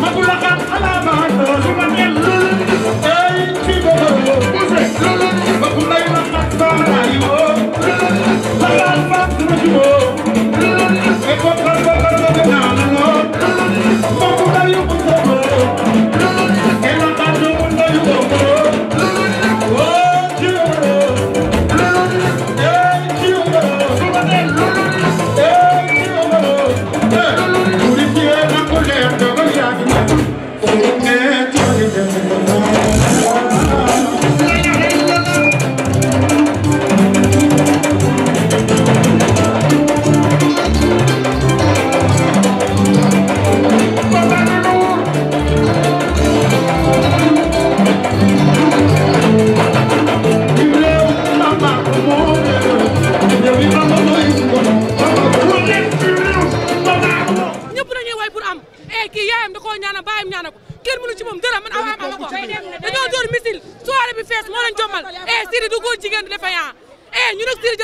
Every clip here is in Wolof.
¡Maculaca! Thank you.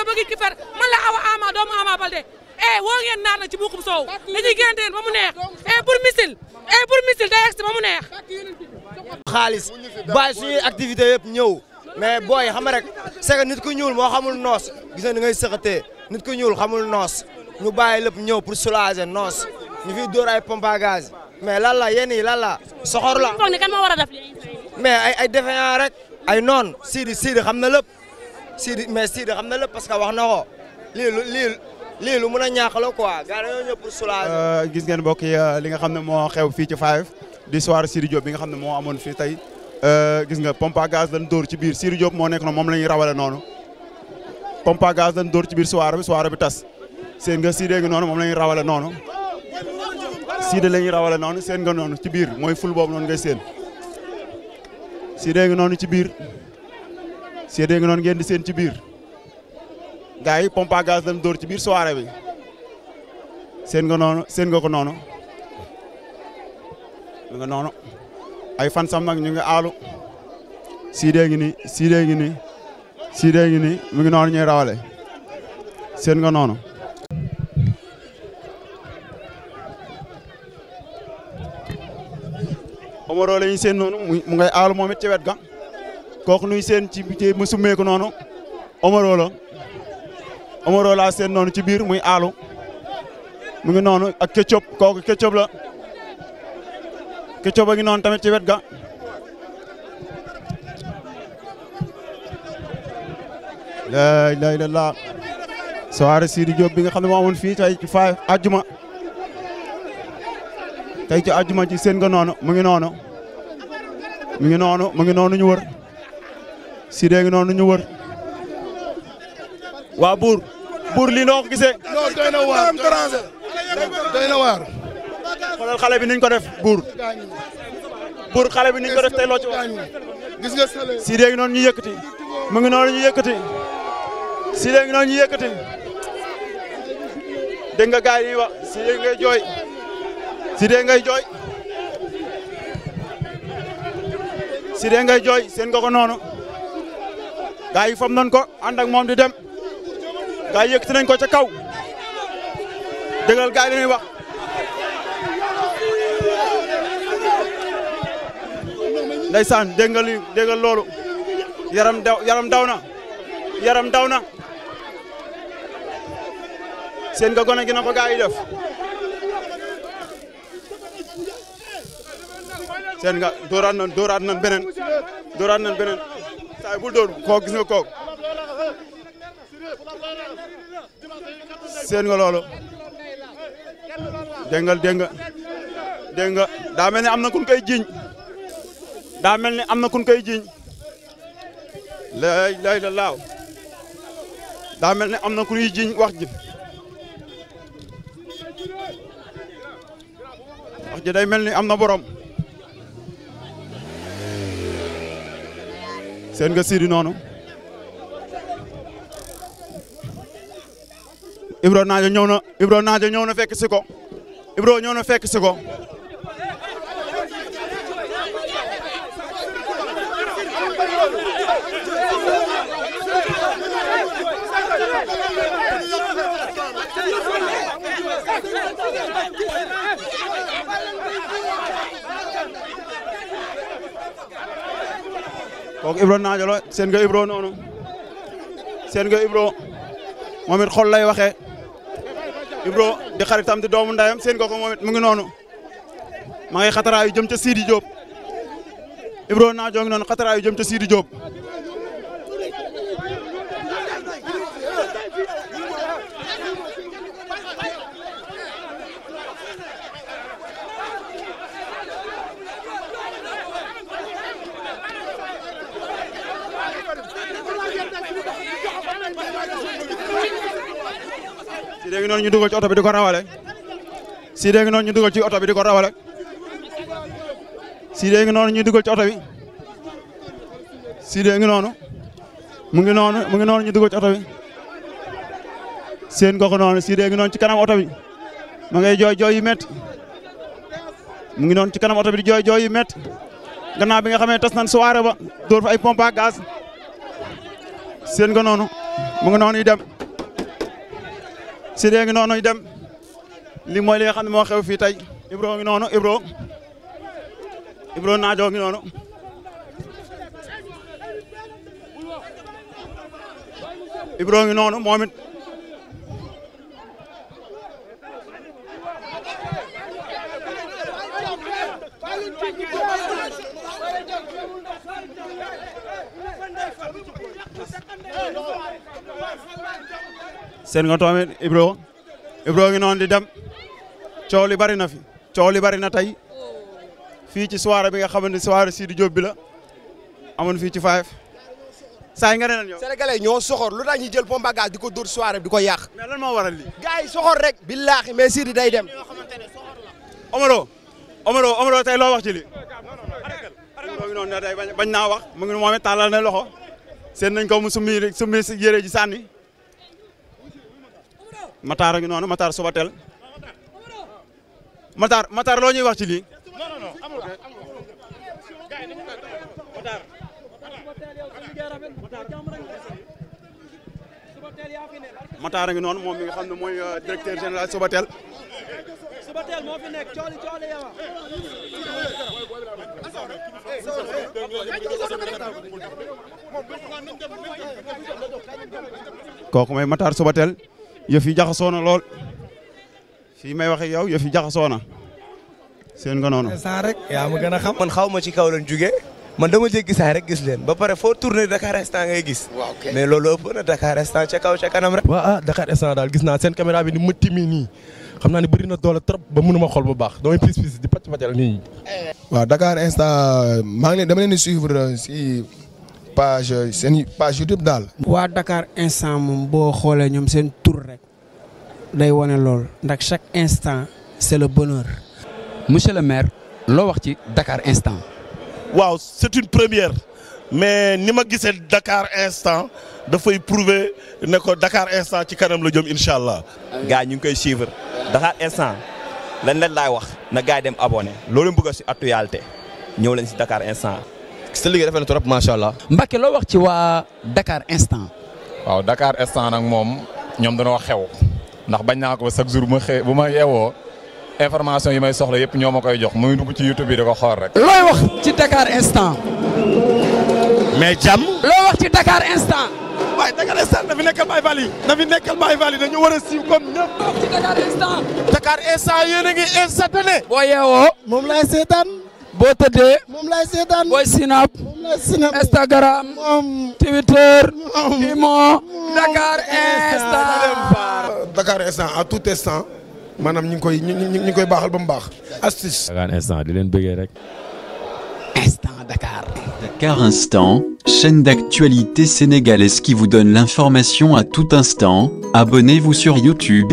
bëgg ki fer man la awa ama doomu ama balde eh woo ngeen naar na ci buuxum soow dañuy gënante ba mu neex eh pour missile eh pour missile day egsi ba mu neex xaalis bàyyi suñuy activité yëpp ñëw mais booy xam rek c'est que nit ku ñuul moo xamul noos gis na ni ngay sëxatee nit ku ñuul xamul noos ñu bàyyi lépp ñëw pour soulager noos ñu fiy dóor ay pompe à gaz mais lan la yéen yi lan la soxor la mais ay ay defeyaan rek ay noon Sidi Sidi xam na lépp Sidi mais Sidi xam na lépp parce que wax na ko lii lu lii lii lu mun a ñàkk la quoi gars dañoo ñëw pour soulager. Euh, gis ngeen mbokk yi euh, li nga xam ne moo xew fii ci Five di soir Sidi Diop bi nga xam ne moo amoon fii tey euh, gis nga pompe à gaz ci biir Sidi Diop moo nekk noonu moom la ñuy rawale noonu pompe à gaz dañ dóor ci biir soir bi soir bi tas seen nga Sidi ngi noonu moom la ñuy rawale noonu. Sidi la ñuy rawale noonu seen nga noonu ci biir mooy ful boobu noonu ngay seen Sidi ngi noonu ci biir. seede nga noonu ngeen di séen ci biir gars yi pompe à gaz lañ ci biir soirée bi seen nga noonu séen nga ko noonu lu nga noonu ay fan sam nag ñu nga aalu siidee ngi ni siidee ngi ni mu ngi noonu ñuy rawale séen nga noonu Omaro la ñu seen noonu mu ngay aalu moom it ci wet ga kooku nuy seen ci ci mu summeeku noonu Omaro la Omaro laa seen noonu ci biir muy aalu mu ngi noonu ak Ketchup kooku Ketchup la Ketchup a ngi noonu tamit ci wet ga laa la illallaah soirée Sidi Diop bi nga xam ne moo amoon fii tey ci faay àjjuma tey ci àjjuma ci seen nga noonu mu ngi noonu mu ngi noonu mu ngi noonu ñu wër si dee ngi noonu ñu wër. waa buur buur lii noo ko gisee. non doy na waar doy na waar. xoolal xale bi niñ ko def buur. buur xale bi niñ ko def tey loo ci wax. gis nga si dee ngi noonu ñu yëkkati. mu ngi noonu ñu yëkkati. si dee ngi noonu ñu yëkkati. dégg nga gars yi ñuy wax si dee ngay jooy. si dee ngay jooy. si dee ngay jooy seen nga ko noonu. gaa yi fam nañ ko ànd moom di dem gaa yi nañ ko ca kaw dëggal gaa yi li ñuy wax. ndeysaan dégg nga lii dégg nga loolu yaram daw yaram daw na yaram daw na seen nga gone gi na ko gaa def seen nga dooraat nañ dooraat nañ beneen dooraat nañ beneen. saa bul dóor kooku gis koog kooku seen nga loolu dégg nga dégg nga daa mel ni am na kun koy jiñ daa mel ni am na kun koy jiñ lay lay la laaw daa mel ni am na kuy jiñ wax ji wax ji day mel ni am na borom seen nga Sidi noonu Ibro Naajo ñëw na Ibro Naajo ñëw fekk si ko Ibro ñëw fekk si ko kooku Ibro naajo la seen nga Ibro noonu seen nga Ibro moom it xol lay waxee Ibro di xaritam di doomu ndayam seen nga ko moom it mu ngi noonu ma ngay xataraayu jëm ca Sidi Diop Ibro naajo ngi noonu xataraayu jëm ca Sidi Diop. si dee ngi noonu ñu dugal ci oto bi di ko rawale si dee ngi noonu ñu dugal ci oto bi di ko rawale si dee ngi noonu ñu dugal oto bi si noonu mu ngi noonu mu ngi noonu ñu dugal ci oto bi seen kooku noonu si dee ngi noonu ci kanam oto bi mu ngay jooy jooy yi métti mu ngi noonu ci kanam oto bi di jooy jooy yu métti gannaaw bi nga xamee tas nan soirée ba dóor fa ay pompe à gaz seen ko noonu mu ngi noonu dem si dee ngi noonu dem li mooy li nga xam ne moo xew fii tey Ibro ngi noonu Ibro Ibro ngi noonu Ibro seen nga toomee Ibro Ibro ngi noonu di dem coow li bari na fi coow li bari na tey fii ci soirée bi nga xamante ni soirée Sidi Diop bi la amoon fii ci Five nga ne ñoo sénégalais ñoo soxor lu tax ñu jël pompe à gaz ko dóor soirée di ko yàq. mais lan moo waral lii. rek. billaahi mais Sidi day dem. Omaro Omaro Omaro tey loo wax ci lii. mu ngi noonu naa wax mu ngi moom it tàllal ko mu mataar a ngi noonu Matar Subatel Matar Matar loo ñuy wax ci lii. Matar a ngi noonu moom mi xam ne mooy euh, directeur général Subatel. Subatel moo fi nekk cooli cooli yow. kooku mooy Subatel. yëf yi jaxasoo na lool fii may waxe yow yëfi yi na seen nga noonu. saa rek yaa ma gën a xam. man xaw ma ci kaw lañ jugee man dama jéggi saa rek gis leen ba pare foo tourné Dakar instant ngay gis. waaw mais loolu instant kaw ca kanam ah, daal gis naa seen caméra bi ni mu timmee nii xam naa ne bëri na doole trop ba mënuma xool bu baax damay pis pis di pàcc pàccal nii. waa Dakar instant maa ngi dama leen di suivre si. page seen page YouTube daal. waa Dakar instant moom boo xoolee ñoom seen tur rek day chaque instant c'est le bonheur. monsieur le maire loo wax ci Dakar instant. wow, c'est une première mais ni ma gisee Dakar instant dafay prouver ne Dakar instant ci kanam la jëm incha allah. gars ñu ngi koy suivre Dakar instant lan leen laay wax na gars dem abonné loolu bëgg si actualité ñëw leen si Dakar instant. ce liggéey rafet na trop macha allah. Mbacke loo wax ci waa Dakar instant. wow, Dakar instant nag mom. ñoom danoo xew ndax bañ naa ko chaque jour bu bu ma yeewoo information yi may soxla yëpp ñoo ma koy jox muy dugg ci YouTube bi da ko xool rek. looy wax ci Dakar instant. mais jàmm. looy wax ci Dakar instant. Dakar instant na fi instant. Dakar boo yeewoo. moom laay seetaan. Botade, de Instagram. Twitter. Imo. Dakar instant. Dakar instant à tout instant. Madame koy Dakar Dakar. Dakar instant, chaîne d'actualité sénégalaise qui vous donne l'information à tout instant. Abonnez-vous sur YouTube